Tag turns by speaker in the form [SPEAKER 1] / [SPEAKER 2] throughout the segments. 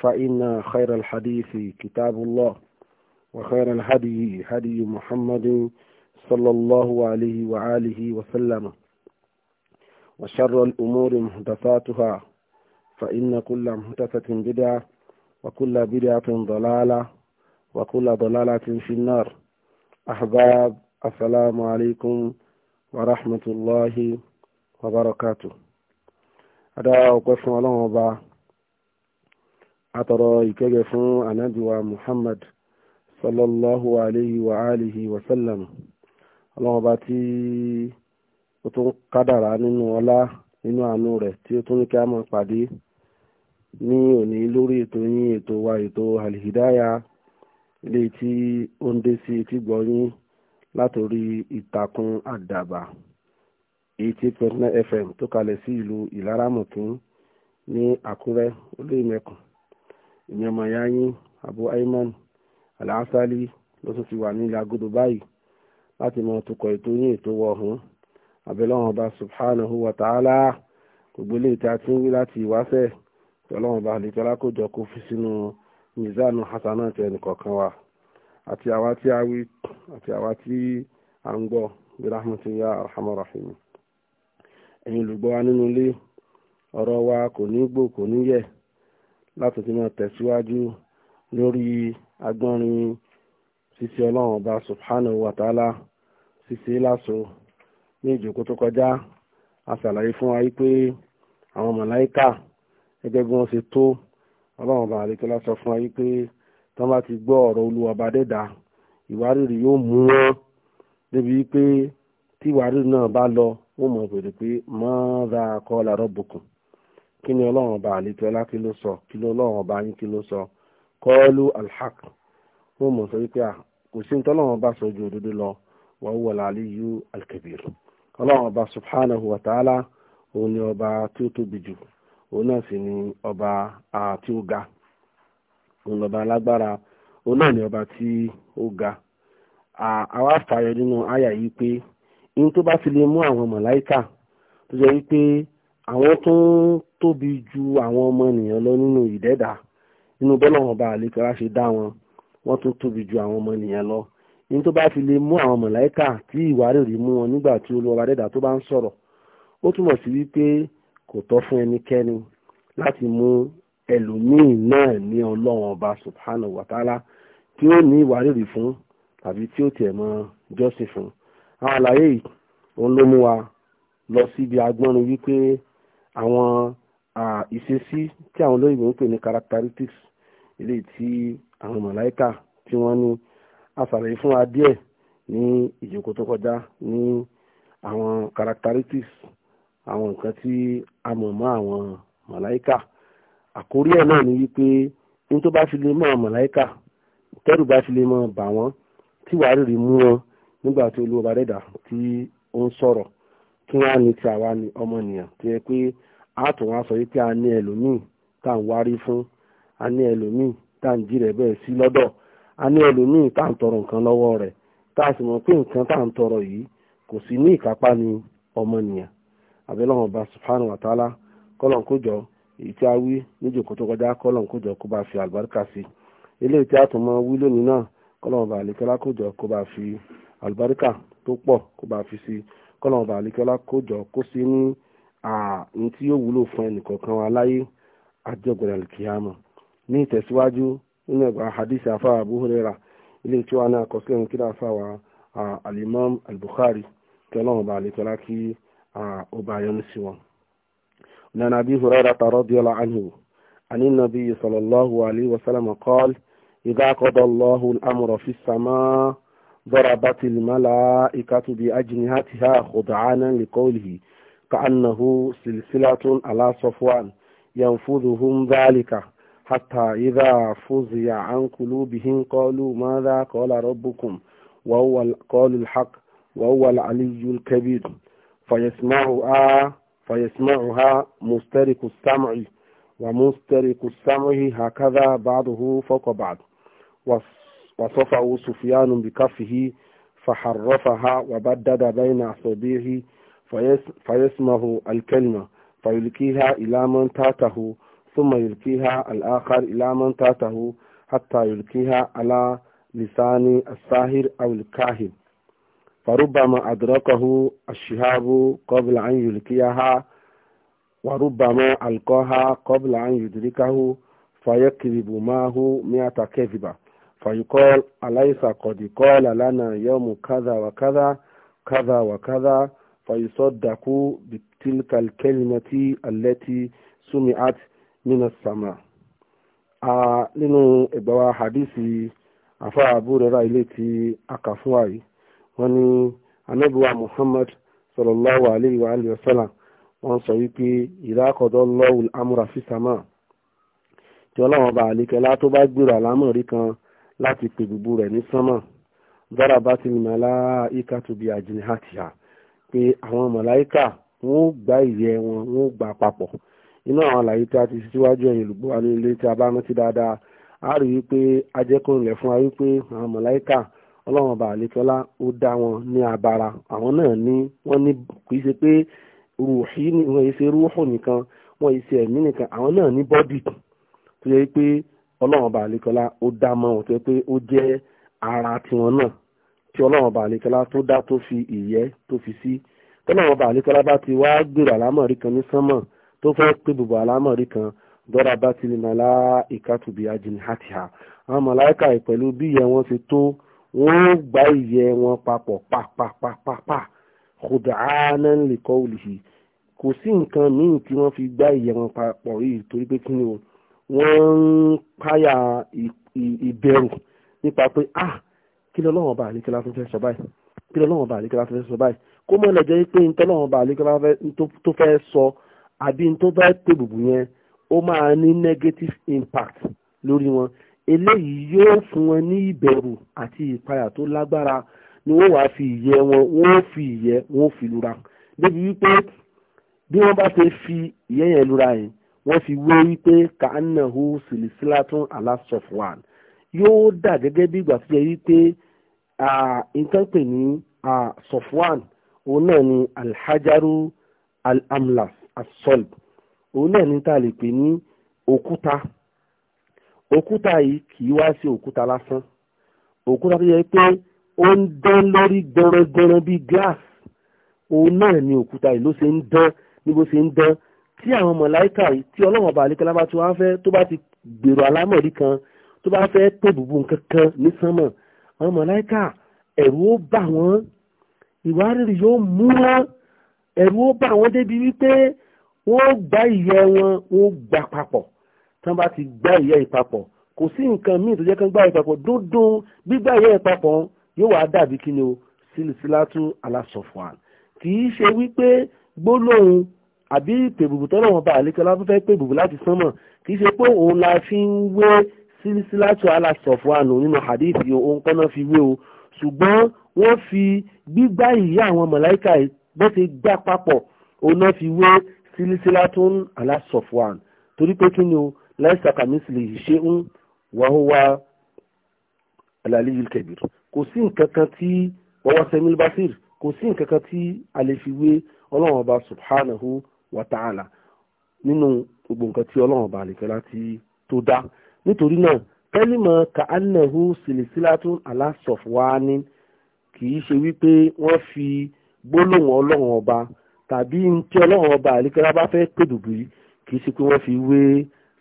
[SPEAKER 1] فإن خير الحديث كتاب الله وخير الهدي هدي محمد صلى الله عليه وآله وسلم وشر الأمور محدثاتها فإن كل محدثة بدعة وكل بدعة ضلالة وكل ضلالة في النار أحباب السلام عليكم ورحمة الله وبركاته هذا وقفنا لهم atọrọ ìkẹ́gẹ́ fún anabiwa muhammad sallallahu alayhi wa alihi wa sallam ọlọ́mọba tí ó tún kádàrá nínú ọlá nínú àánú rẹ̀ tí ó tún ní kí a máa pàdé ní òní lórí ètò yín ètò wa ètò alìhídáyà ilé tí ó ń dé sí etí gbọ́yìn látòrí ìtàkùn àdàbà eighty point nine fm tó kalẹ̀ sí ìlú ìlaramọ̀kín ní àkúrẹ́ èmi ọmọ ìyá yín Abu Aiman, Al-Asali ló tún ti wà ní ilẹ̀ agodo báyìí láti mọ tukọ̀ ètò yín ètò wọ̀ ọ̀hún abẹ́lọ́wọ̀n ọba subhanahu wa ta'ala gbogbo ilé ìta tí ń wí láti ìwáṣẹ̀ tọ́lọ́wọ̀n ọba àlejò alákòjọ kó fi sínú mizanu hasana tẹ nìkọ̀ọ̀kan wa àti àwa tí a wí àti àwa tí a ń gbọ́ bí rahmatulahi arhamar rahim ẹ̀yin olùgbọ́ wa nínú ilé ọ̀rọ̀ wa kò ní gbò kò ní yẹ̀ láti ti máa tẹ̀síwájú lórí agbọ́nrin ṣíṣe ọlọ́run ọba subhanahu wa ta'ala ṣíṣe láṣọ ní ìjókòó tó kọjá a ṣàlàyé fún wa pé àwọn màláíkà gẹ́gẹ́ bí wọ́n ṣe tó ọlọ́run ọba àríkẹ́lá sọ fún wa pé tán bá ti gbọ́ ọ̀rọ̀ olúwa dẹ́dà ìwárìrì yóò mú wọn débi pé tí ìwárìrì náà bá lọ wọ́n mọ̀ pèrè pé mọ́ra kọ́ làrọ́ bùkún kí ni ọlọ́run ọba àlejò ọlá kí ló sọ kí ló ọlọ́run ọba yín kí ló sọ kọ́ọ́lù alhaq wọ́n mọ̀ sọ wípé kò sí ní tọ́lọ́run ọba sọ ju òdodo lọ wọ́n wọ̀ làlíyù alkabir ọlọ́run ọba subhanahu wa ta'ala òun ni ọba tí ó tóbi jù òun náà sì ni ọba tí ó ga òun lọ́ba alágbára òun náà ni ọba tí ó ga àwa fààyè nínú àyà yìí pé ihun tó bá fi lè mú àwọn màláíkà tó jẹ́ wípé àwọn tó ń tóbi ju àwọn ọmọ ènìyàn lọ nínú ìdẹ́dà nínú bọ́lá wọn bá àlékọ́lá ṣe dá wọn wọ́n tún tóbi ju àwọn ọmọ ènìyàn lọ ní tó bá fi lè mú àwọn mọ̀láìkà tí ìwárìrì mú wọn nígbà tí olùwọ́ba dẹ́dà tó bá ń sọ̀rọ̀ ó túmọ̀ sí wípé kò tọ́ fún ẹnikẹ́ni láti mú ẹlòmíì náà ní ọlọ́run ọba subhanahu wa ta'ala tí ó ní ìwárìrì fún tàbí tí ó tiẹ̀ mọ jọ́sìn fún àwọn àlàyé yìí òun ló mú wa lọ síbi agbọ́nrin wípé àwọn ìṣesí tí àwọn olóyìnbó ń pè ní characteristics eléyìí tí àwọn màláíkà tí wọ́n ní a ṣàlàyé fún wa díẹ̀ ní ìjókòó tó kọjá ní àwọn characteristics àwọn nǹkan tí a mọ̀ mọ́ àwọn màláíkà àkórí ẹ̀ náà ni wípé ní tó bá fi lè mọ́ àwọn màláíkà tẹ́rù bá fi lè mọ́ bà wọ́n tí wàá rírì mú wọn nígbà tí olúwa bá dẹ́dà tí ó ń sọ̀rọ̀ kí ní ti àwa ni ọmọnìyàn tó yẹ pé a tún wá sọ wípé a ní ẹlòmíì tá à ń wárí a ní ẹlòmíì tá à ń jí rẹ̀ bẹ́ẹ̀ a ní ẹlòmíì tá à ń tọrọ nǹkan lọ́wọ́ rẹ̀ tá a sì mọ̀ pé nǹkan tá à ń tọrọ yìí kò sí ní ìkápá ni ọmọnìyàn àbẹ́lọ́wọ̀n ọba subhanahu wa kọ́lọ̀n a wí tó kọjá kọ́lọ̀n fi àlùbáríkà sí eléyìí tí a tún wí kọ́lọ́mù bá àlekọ́lá kó jọ kó sí ní ààrùn tí yóò wúlò fún ẹnìkọ̀ọ̀kan wa láyé àjọgbọ̀dà kìámọ̀ ní ìtẹ̀síwájú nínú ẹ̀gbà hadith afa Abu Hurairah ilé tí wàá ní àkọsílẹ̀ ní kílà afa wa alimam al-Bukhari kọ́lọ́mù bá kí ọba ayọ́nu sí wọn. nana Abi Hurairah radiyallahu anhu عن النبي صلى الله عليه وسلم قال إذا قضى الله الأمر في السماء ضربت الملائكة بأجنهتها خضعانا لقوله كأنه سلسلة على صفوان ينفذهم ذلك حتى إذا فزع عن قلوبهم قالوا ماذا قال ربكم وهو قال الحق وهو العلي الكبير فيسمعها فيسمعها مسترق السمع ومسترق السمع هكذا بعضه فوق بعض وصفه سفيان بكفه فحرفها وبدد بين أصابعه فيسمه الكلمة فيلقيها إلى من تاته ثم يلقيها الآخر إلى من تاته حتى يلقيها على لسان الساهر أو الكاهن فربما أدركه الشهاب قبل أن يلقيها وربما ألقاها قبل أن يدركه فيكذب معه مئة كذبة alaisa أليس قد قال لنا يوم كذا وكذا كذا وكذا فيصدق بتلك الكلمة التي سمعت من السماء nínú ìgbàwá hadisi afa abúrera ilé ti akafuwa yìí anabiwa muhammad sallallahu alayhi wa alayhi wa sallam wọ́n sọ wípé ìdákọ̀dọ̀ lọ́wọ́ amúra fi sàmà tí ọlọ́wọ́n bá àlékẹ́lá tó bá gbèrò àlámọ̀rí kan láti pè gbogbo rẹ̀ ní sánmà dára bá ti ní màláìka tó bí àjìnìhàtìhà pé àwọn màláìka wọn ó gbá ìyẹ́ wọn wọn ó gbà papọ̀ inú àwọn àlàyé tí a ti síwájú ẹ̀yìn olùgbò wa ní tí a bá rántí dáadáa a rí i pé ajẹ́kọ̀ọ́lẹ̀ fún wa wípé àwọn màláìka ọlọ́run ọba àlekọ́lá ó dá wọn ní abara àwọn náà ní wọ́n ní kì í ṣe pé rùhí ni wọ́n yìí ṣe rúhùn nìkan wọ́n yìí ṣe ẹ̀mí nìkan àwọn náà ní bọ́dì tó yẹ pé ọlọ́run ọba àlekọ́lá ó dá mọ́ wọn tó pé ó jẹ́ ara tiwọn náà tí ọlọ́run ọba àlekọ́lá tó dá tó fi ìyẹ́ tó fi sí tọ́lọ́run ọba àlekọ́lá bá ti wá gbèrò àlámọ̀rí kan ní sánmọ̀ tó fẹ́ pé bùbọ̀ àlámọ̀rí kan dọ́ra bá ti lè nà lá ìkàtúbí ajínì àti hà àwọn màláìka ìpẹ̀lú bí ìyẹ́ wọn ti tó wọ́n gbá ìyẹ́ wọn papọ̀ pàpàpàpàpà kódà áná lè kọ́ òlì kò sí nǹkan míì tí wọ́n fi gbá ìyẹ́ wọn papọ̀ yìí torí pé kí ni o wọ́n ń páyà ìbẹ̀rù nípa pé ah kí ló lọ́wọ́ bá àlékè láti fẹ́ sọ báyìí kí ló lọ́wọ́ bá àlékè láti fẹ́ sọ báyìí kó mọ̀ lẹ́jọ́ pé ntọ́ lọ́wọ́ bá àlékè tó fẹ́ sọ àbí ntọ́ bá pè bùbù yẹn ó máa ní negative impact lórí wọn eléyìí yóò fún wọn ní ìbẹ̀rù àti ìpayà tó lágbára ni wọ́n wàá fi ìyẹ́ wọn wọ́n fi ìyẹ́ wọ́n fi lura débi wípé bí wọ́n bá ṣe fi ìyẹ́ yẹn lura yìí wọ́n fi wé wípé ka'annahu silsilatun alasọ̀fwan yóò dà gẹ́gẹ́ bí ìgbà tó yẹ wípé nǹkan pè ní one. òun náà ni alhajaru alamlas asolb. as-solb òun náà ni tá a lè pè ní òkúta òkúta yìí kì í wá sí òkúta lásán òkúta tó yẹ pé ó ń dán lórí gbọ̀nrẹ̀gbọ̀nrẹ̀ bíi glass òun náà ni òkúta yìí ló ṣe ń dán ní ṣe ń dán tí àwọn mọ̀láìkà tí ọlọ́run ọba àlékẹ́lá bá ti wá fẹ́ tó bá ti
[SPEAKER 2] gbèrò alámọ̀rí
[SPEAKER 1] kan tó bá fẹ́ pè bùbù nǹkan kan ní sánmọ̀ àwọn mọ̀láìkà ẹ̀rù ó bà wọ́n ìwárìrì yóò mú wọn ẹ̀rù ó bà wọ́n débi wípé wọ́n gbá ìyẹ́ wọn wọ́n gbà papọ̀ tí wọ́n bá ti gbá ìyẹ́ ìpapọ̀ kò sí nǹkan míì tó jẹ́ kán gbá ìpapọ̀ dúndún gbígbá ìyẹ́ ìpapọ̀ yóò wá dàbí kí ni o sílùsílátú alásọ̀fọ̀àn kì í ṣe wípé gbólóhùn àbí ìpè bùbù tọ́lọ̀ wọn bá àlékẹ́ lábọ́ fẹ́ pè bùbù láti sánmọ̀ kì í ṣe pé òun la fi ń wé sílísílátù aláṣọ̀fù àná nínú hadithi òun kọ́nà fi wé o ṣùgbọ́n wọ́n fi gbígbá ìyá àwọn mọ̀láìkà bó ṣe gbá papọ̀ òun náà fi wé sílísílátù aláṣọ̀fù àná torí pé kí ni o láìsà kàmísìlì ṣe ń wàhùwà alàlíyìí kẹbìr kò sí nǹkan kò sí nǹkan kan tí a subhanahu wa ta'ala nínú gbogbo nǹkan tí ọlọ́run ọba àlèkẹ́lá ti tó dá nítorí náà kẹ́límọ̀ ka'annahu sìlìsílátún aláṣọ̀fọ́ání kì í ṣe wípé wọ́n fi gbólóhùn ọlọ́run ọba tàbí tí ọlọ́run ọba àlèkẹ́lá bá fẹ́ pèdùbí kì í ṣe pé wọ́n fi wé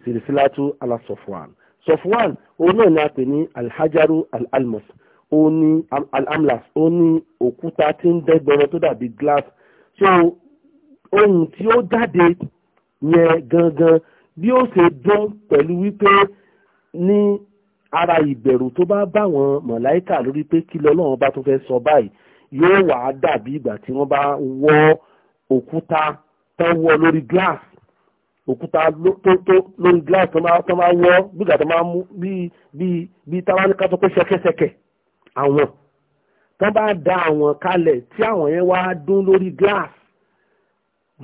[SPEAKER 1] sìlìsílátún aláṣọ̀fọ́ání sọ̀fọ́án òun náà ni a pè ní alhajaru alalmus òun ni alamlas òun ni òkúta tí ń dẹ́gbẹ̀rẹ̀ tó dàbí glass so ohun tí ó jáde yẹn gangan bí ó ṣe dún pẹ̀lú wípé ní ara ìbẹ̀rù tó bá bá wọn mọ̀láìkà lórí pé kí lọ́lọ́run bá tó fẹ́ sọ báyìí yóò wà á dàbí ìgbà tí wọ́n bá wọ́ òkúta tó wọ́ lórí glass òkúta tó tó lórí glass tó máa wọ́ gbígbà tó máa mú bí táwa ní kátó pé ṣẹkẹṣẹkẹ àwọn tó bá da àwọn kalẹ̀ tí àwọn yẹn wá dún lórí glass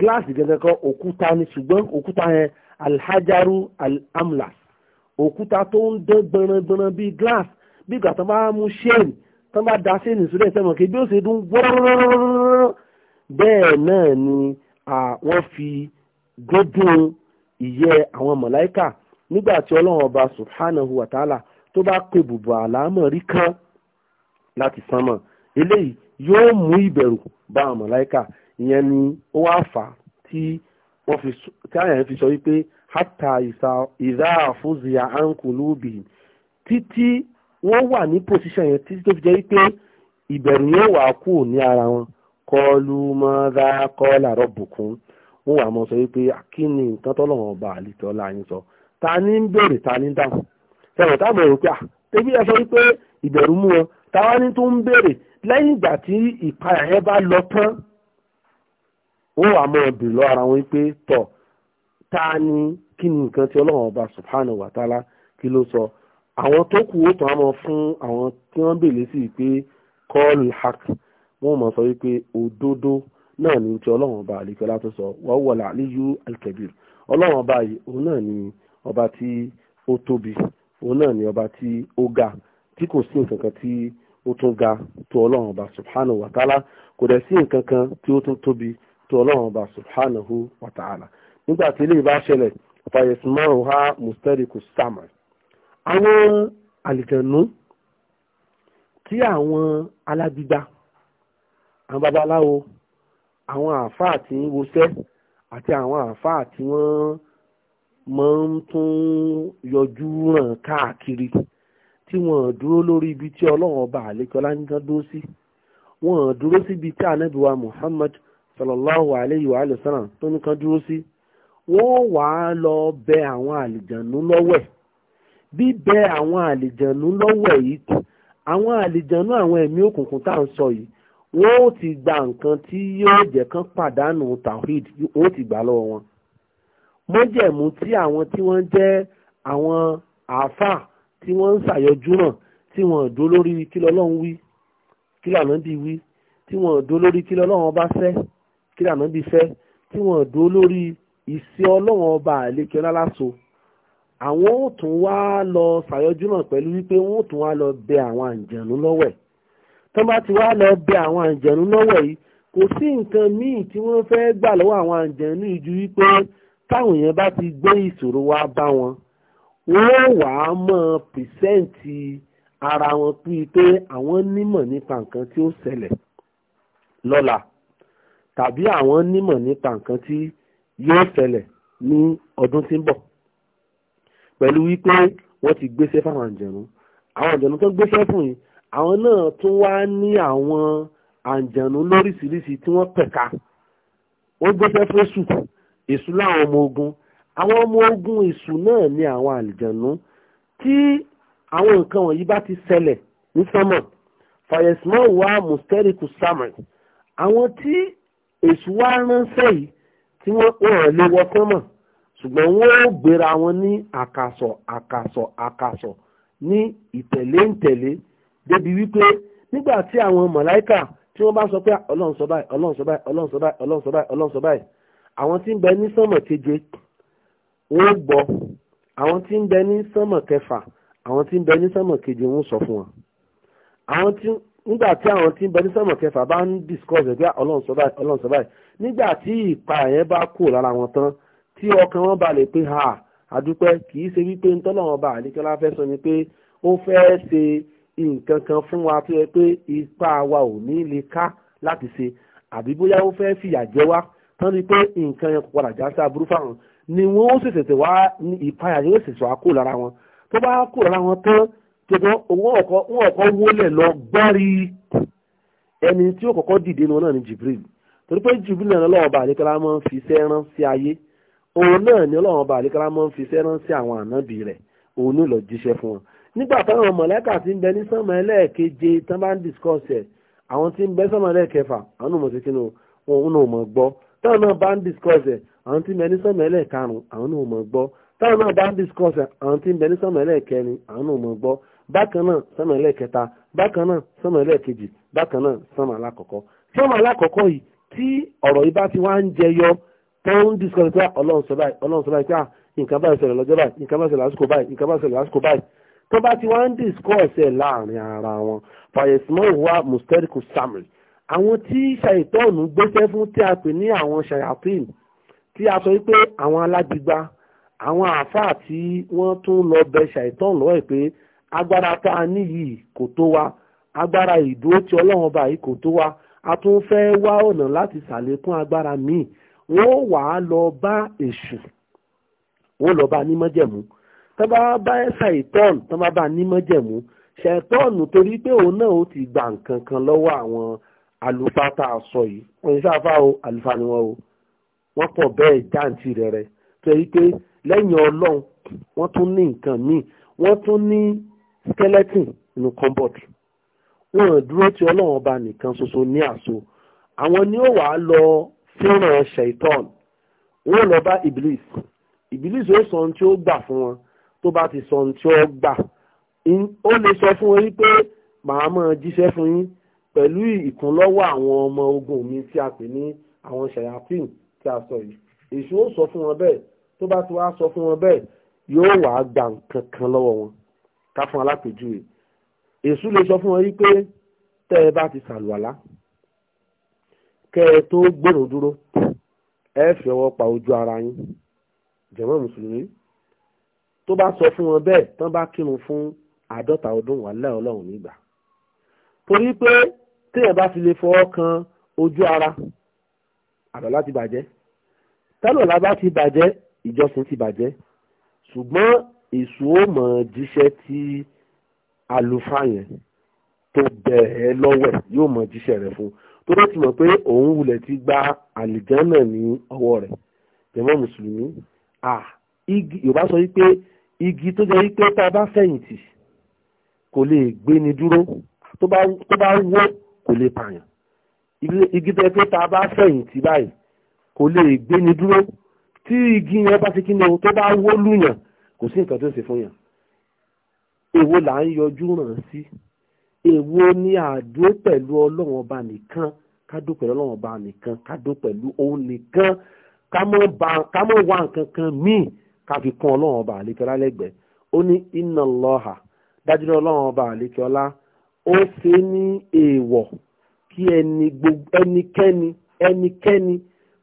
[SPEAKER 1] glass gẹ́gẹ́ kọ́ òkúta ni ṣùgbọ́n òkúta yẹn alhajaru al-amlas òkúta tó ń dán gbọ̀nrangbọ̀nran bíi gíláàsì bí ìgbà tó bá mú ṣéènì tó bá da ṣéènì sílẹ̀ sẹ́wọ̀n kí bí ó ṣe dún gbọ́rọ́rọ́rọ́rọ́ bẹ́ẹ̀ náà ni wọ́n fi gbódùn ìyẹ́ àwọn mọ̀láìkà nígbà tí ọlọ́run ọba subhanahu wa ta'ala tó bá pe bùbù àlámọ̀rí kan láti sánmọ̀ eléyìí yóò mú ìbẹ̀rù bá àwọn mọ̀láìkà ìyẹn ni ó wá fà á tí wọ́n fi tí àyàn fi sọ wípé hata ìdá àfúzìyà ankulubi títí wọ́n wà ní pòsíṣàn yẹn títí tó fi jẹ́ wípé ìbẹ̀rù yóò wà kú ní ara wọn kọlu mọ́dá kọ́là rọ̀bùkún wà mọ́ sọ wípé kí ni nǹkan tọ́lọ́run ọba àlìtọ́ láyín sọ ta ní ń béèrè ta ní dáhùn sọ̀rọ̀ táwọn èrò pé tẹ́bí ẹ sọ wípé ìbẹ̀rù mú wọn táwa ní tó ń béèrè lẹ́yìn ìgbà tí ìpayà yẹn bá lọ tán wọ́n wà mọ́ ọbẹ̀ lọ ara wọn pé tọ̀ ta ni kí ni nǹkan tí ọlọ́run ọba subhanahu wa ta'ala kí ló sọ àwọn tó kù ó tàn á mọ fún àwọn tí wọ́n bèlè sí i pé kọ́ọ̀lù hak wọ́n mọ̀ sọ wípé òdodo náà ni ti ọlọ́run ọba àlekọ́lá tó sọ wọ́n wọ̀lá aliyu alkebir ọlọ́run ọba yìí òun náà ni ọba tí ó tóbi òun náà ni ọba tí ó ga tí kò sí nǹkan kan tí ó tún ga tó ọlọ́run ọba subhanahu wa ta'ala kò dẹ̀ sí nǹkan kan tí ó tún tóbi tó ọlọ́run ọba subhanahu wa ta'ala nígbà tí eléyìí bá ṣẹlẹ̀ fàyẹ̀sìmáhùn ha mustariku sama àwọn àlìjẹ̀nú tí àwọn alágbígbá àwọn babaláwo àwọn àáfàá tí ń woṣẹ́ àti àwọn àáfàá tí wọ́n máa ń tún yọjú ràn káàkiri tí wọ́n dúró lórí ibi tí ọlọ́run ọba àlekọ́lá ń dán dúró sí wọ́n dúró síbi tí anábìwá Muhammad sallallahu alayhi wa sallam tó ní kan dúró sí wọ́n wà á lọ bẹ àwọn àlìjànú lọ́wẹ̀ bíbẹ àwọn àlìjànú lọ́wẹ̀ yìí àwọn àlìjànú àwọn ẹ̀mí òkùnkùn tá à ń sọ yìí wọ́n ó ti gba nǹkan tí yóò jẹ́ kán pàdánù tawhid wọ́n ó ti gbà lọ́wọ́ wọn mọ́jẹ̀mú tí àwọn tí wọ́n jẹ́ àwọn àáfàá tí wọ́n ń ṣàyọjú náà tí wọ́n dó lórí kí lọ́lọ́run wí kí lànà bí wí tí wọ́n dó lórí kí lọ́lọ́run bá fẹ́ kí lànà bí fẹ́ tí wọ́n dúró lórí ìsìn ọlọ́wọ́n ọba àlékè láláso àwọn ò tún wá lọ ṣàyọjú náà pẹ̀lú wípé wọ́n ò tún wá lọ bẹ àwọn àǹjẹ̀nú lọ́wẹ̀ tó bá ti wá lọ bẹ àwọn àǹjẹ̀nú lọ́wẹ̀ yìí kò sí nǹkan míì tí wọ́n fẹ́ gbà lọ́wọ́ àwọn àǹjẹ̀nú yìí ju wípé táwọn èèyàn bá ti gbé ìṣòro wá bá wọn wọ́n wà á mọ̀ pìsẹ́ǹtì ara wọn pé àwọn nímọ̀ nípa nǹkan tí ó ṣẹlẹ̀ lọ́la tàbí àwọn nímọ̀ nípa nǹkan tí yóò ṣẹlẹ̀ ní ọdún tí ń bọ̀ pẹ̀lú wípé wọ́n ti gbéṣẹ́ fáwọn àǹjẹ̀nú àwọn àǹjẹ̀nú tó gbéṣẹ́ fún yìí àwọn náà tún wá ní àwọn àǹjẹ̀nú lóríṣiríṣi tí wọ́n pẹ̀ka wọ́n gbéṣẹ́ fún èṣù èṣù láwọn ọmọ ogun àwọn ọmọ ogun èṣù náà ní àwọn àǹjẹ̀nú tí àwọn nǹkan wọ̀nyí bá ti ṣẹlẹ̀ ní sánmọ̀ fàyẹ̀símọ́ wa mustẹ́ríkù sámẹ̀ àwọn tí èṣù wá ránṣẹ́ yìí tí wọ́n wọ̀n lé wọ sánmọ̀ ṣùgbọ́n wọ́n ó gbéra wọn ní àkàsọ̀ àkàsọ̀ àkàsọ̀ ní ìtẹ̀lé ìtẹ̀lé débi wípé nígbà tí àwọn mọ̀láìkà tí wọ́n bá sọ pé ọlọ́run sọ báyìí ọlọ́run sọ báyìí ọlọ́run sọ báyìí ọlọ́run sọ báyìí ọlọ́run sọ báyìí àwọn tí ń bẹ ní sánmọ̀ keje wọ́n gbọ́ àwọn tí ń bẹ ní sánmọ̀ kẹfà àwọn tí ń bẹ ní sánmọ̀ keje wọ́n sọ fún wọn àwọn tí nígbà tí àwọn tí ń bẹ ní sọ́mọ̀ kẹfà bá ń discuss ẹgbẹ́ ọlọ́run sọ báyìí ọlọ́run sọ báyìí nígbà tí ìpa yẹn bá kù lára wọn tán tí ọkàn wọn balẹ̀ pé ha àdúpẹ́ kì í ṣe wípé ń tọ́lọ̀ wọn bá àlékọ́lá fẹ́ sọ ni pé ó fẹ́ ṣe nǹkan kan fún wa tó yẹ pé ipa wa ò ní lè ká láti ṣe àbí bóyá ó fẹ́ fìyà jẹ wá tán ni pé nǹkan yẹn kò padà já sí aburú fáwọn ni wọn ó sì tètè wá ìpayà yẹn ó sì sọ tẹ̀gbọ́n òun ọ̀kọ́ òun ọ̀kọ́ wọlé lọ gbárí ẹni tí ó kọ́kọ́ dìde nu náà ni Jibril torí pé Jibril náà lọ́wọ́ bá àlékálá máa ń fi iṣẹ́ rán sí ayé òun náà ni Ọlọ́run bá àlékálá máa ń fi iṣẹ́ rán sí àwọn ànábì rẹ̀ òun ní lọ jíṣẹ́ fún wọn nígbà táwọn mọ̀lẹ́kà ti ń bẹ ní sánmọ̀ ẹlẹ́ẹ̀keje tán bá ń discuss ẹ̀ àwọn tí ń bẹ sánmọ̀ ẹlẹ́ẹ̀kẹfà àwọn náà mọ̀ gbọ́ táwọn náà bá ń discuss ẹ̀ àwọn tí ń bẹ ní sánmọ̀ ẹlẹ́ẹ̀karùn àwọn náà mọ̀ gbọ́ táwọn náà bá ń discuss ẹ̀ àwọn tí ń bẹ ní sánmọ̀ ẹlẹ́ẹ̀kẹrin àwọn náà mọ̀ gbọ́ bákan náà sánmà ẹlẹ́kẹta bákan náà sánmà ẹlẹ́kejì bákan náà sánmà alákọ̀ọ́kọ́ sánmà alákọ̀ọ́kọ́ yìí tí ọ̀rọ̀ yìí bá ti wá ń jẹyọ tó ń discourse pé ah, ọlọ́run sọ báyìí ọlọ́run sọ báyìí pé ah, nǹkan báyìí ṣẹlẹ̀ lọ́jọ́ báyìí nǹkan báyìí ṣẹlẹ̀ lásìkò báyìí nǹkan báyìí ṣẹlẹ̀ lásìkò báyìí tó bá ti wá ń discourse ẹ̀ láàrin ara wọn fàyẹ̀sìmọ́ ìwà mustariku samri àwọn tí ṣàìtọ́ọ̀nù gbéṣẹ́ fún tí a pè ní àwọn ṣàyàpín tí a sọ wípé àwọn alágbègbà agbára tá a ní yìí kò tó wa agbára ìdúró tí ọlọ́run ọba yìí kò tó wa a tún fẹ́ wá ọ̀nà láti ṣàlékún agbára míì wọ́n wà á lọ bá èṣù wọ́n lọ bá nímọ̀jẹ̀mú tọ́ba bá ṣàìtọ́n tọ́ba bá nímọ̀jẹ̀mú ṣàìtọ́ọ̀nù torí pé òun náà ó ti gbà nǹkan kan lọ́wọ́ àwọn àlùfáà tá a sọ yìí wọ́n ti sáfà o àlùfáà ni wọ́n o wọ́n pọ̀ bẹ́ẹ̀ jáǹtì rẹ̀ rẹ̀ torí pé lẹ́yìn ọlọ́run wọ́n tún ní nǹkan míì wọ́n tún ní skeleton inú cupboard wọn dúró ti ọlọ́run ọba nìkan ṣoṣo ní àṣọ àwọn ni ó wàá lọ fẹ́ràn ṣẹ̀tọ́n wọn lọ bá iblis iblis ó sọ ohun tí ó gbà fún wọn tó bá ti sọ ohun tí ó gbà ó lè sọ fún wọn wípé màá máa jíṣẹ́ fún yín pẹ̀lú ìkúnlọ́wọ́ àwọn ọmọ ogun mi tí a pè ní àwọn ṣẹ̀yàfín tí a sọ yìí èṣù ó sọ fún wọn bẹ́ẹ̀ tó bá ti wá sọ fún wọn bẹ́ẹ̀ yóò wàá gba nǹkan lọ́wọ́ wọn ká fún alápèjúwe èṣù lè sọ fún wọn wípé tẹ́ ẹ bá ti sàlùwàlá kẹ́ ẹ tó gbèrò dúró ẹ fi ọwọ́ pa ojú ara yín jẹ̀mọ́ mùsùlùmí tó bá sọ fún wọn bẹ́ẹ̀ tán bá kírun fún àádọ́ta ọdún wà lẹ́ ọlọ́run nígbà torí pé téèyàn bá fi lè fọwọ́ kan ojú ara àlọ́lá ti bàjẹ́ tálọ́lá bá ti bàjẹ́ ìjọsìn ti bàjẹ́ ṣùgbọ́n èṣù ó mọ̀ jíṣẹ́ tí àlùfáà yẹn tó bẹ̀ ẹ́ lọ́wẹ̀ yóò mọ̀ jíṣẹ́ rẹ̀ fún tó bá ti mọ̀ pé òun wulẹ̀ ti gba àlìjánà ní ọwọ́ rẹ̀ tẹ̀mọ́ mùsùlùmí à igi yorùbá sọ wípé igi tó jẹ́ wípé tá a bá fẹ̀yìntì kò lè gbéni dúró tó bá wó kò lè pààyàn igi tó yẹ pé tá a bá fẹ̀yìntì báyìí kò lè gbéni dúró tí igi yẹn bá ti kí ni o tó bá wó lùyàn kò sí nǹkan tó ṣe fún yàn èwo là ń yọjú ràn sí èwo ni àdúró pẹ̀lú ọlọ́run ọba nìkan kádó pẹ̀lú ọlọ́run ọba nìkan kádó pẹ̀lú òun nìkan ká mọ̀ wá nǹkan kan míì ká fi kún ọlọ́run ọba àlekọ́lá lẹ́gbẹ̀ẹ́ ó ní inna Allaha dájúdá ọlọ́run ọba àlekọ́lá ó ṣe ní èèwọ̀ kí ẹnikẹ́ni ẹnikẹ́ni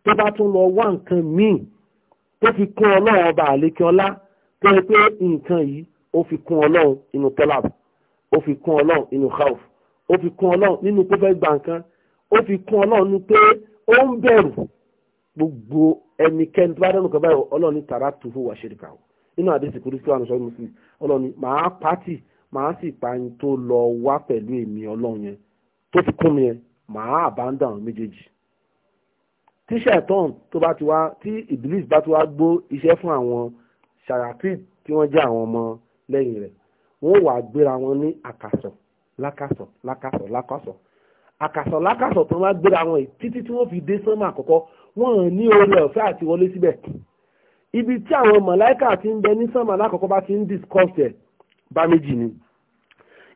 [SPEAKER 1] tó bá tún lọ wá nǹkan míì tó fi kún ọlọ́run ọba àlekọ́lá tó ní pé nǹkan yìí ó fi kún ọlọ́run inú tọ́làbù ó fi kún ọlọ́run inú khawf ó fi kún ọlọ́run nínú pé fẹ́ gba nǹkan ó fi kún ọlọ́run ní pé ó ń bẹ̀rù gbogbo ẹnikẹ́ni tó bá dẹ́nu kan báyìí ọlọ́run ní tààrà tó fún wa ṣèlú kàwọ́ nínú àdéhùn kúrú sí àwọn ọ̀ṣọ́ muslim ọlọ́run ní màá pàtì màá sì pààyàn tó lọ wá pẹ̀lú èmi ọlọ́run yẹn tó fi kún mi yẹn màá àbáńdà àwọn méjèèjì tíṣẹ̀tàn tó bá ti wá tí ìbílíṣ bá ti wá gbó iṣẹ́ fún àwọn ṣàràfíì tí wọ́n jẹ́ àwọn ọmọ lẹ́yìn rẹ̀ wọ́n wàá gbéra wọn ní àkàsọ̀ lákàsọ̀ lákàsọ̀ lákàsọ̀ àkàsọ̀ lákàsọ̀ tó wá gbéra wọn títí tí wọ́n fi dé sánmà àkọ́kọ́ wọ́n ní orí ọ̀fẹ́ àti wọlé síbẹ̀ ibi tí àwọn mọ̀láìkà ti ń bẹ ní sánmà lákọ̀ọ́kọ́ bá ti ń discuss ẹ̀ bá méjì ni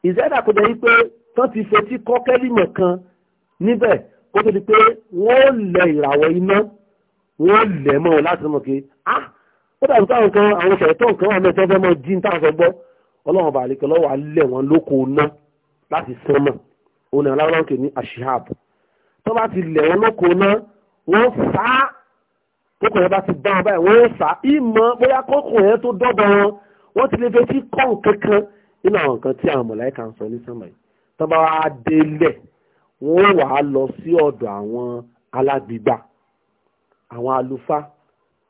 [SPEAKER 1] ìṣẹ́dà kò jẹ́ pé tán ti fetí kọ́ kẹ́límọ̀ kan níbẹ̀ kó tó di pé wọ́n lẹ ìràwọ̀ iná wọ́n lẹ̀ mọ́ láti mọ̀ pé ah kódà bí táwọn kan àwọn ṣẹ̀tọ́ nǹkan wà mẹ́tọ́ fẹ́ mọ́ jí ń tàṣọ gbọ́ ọlọ́run bá àlekẹ́ lọ́wọ́ alẹ́ wọn lóko ná láti sán mọ̀ òun ni aláwọ̀ kì ní ashihab tó bá ti lẹ̀ wọn lóko ná wọ́n fà á kókò yẹn bá ti bá wọn báyìí wọ́n fà á ìmọ̀ bóyá kókò yẹn tó dọ́gba wọn wọ́n ti lè fetí kọ́ kankan nínú àwọn nǹkan tí àwọn mọ̀láìkà ń sọ ní sánmà yìí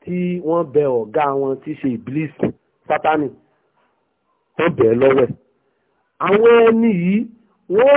[SPEAKER 1] tí wọ́n bẹ ọ̀gá wọn tí ṣe iblis sátani wọ́n bẹ̀ lọ́wọ́ àwọn ẹni yìí wọ́n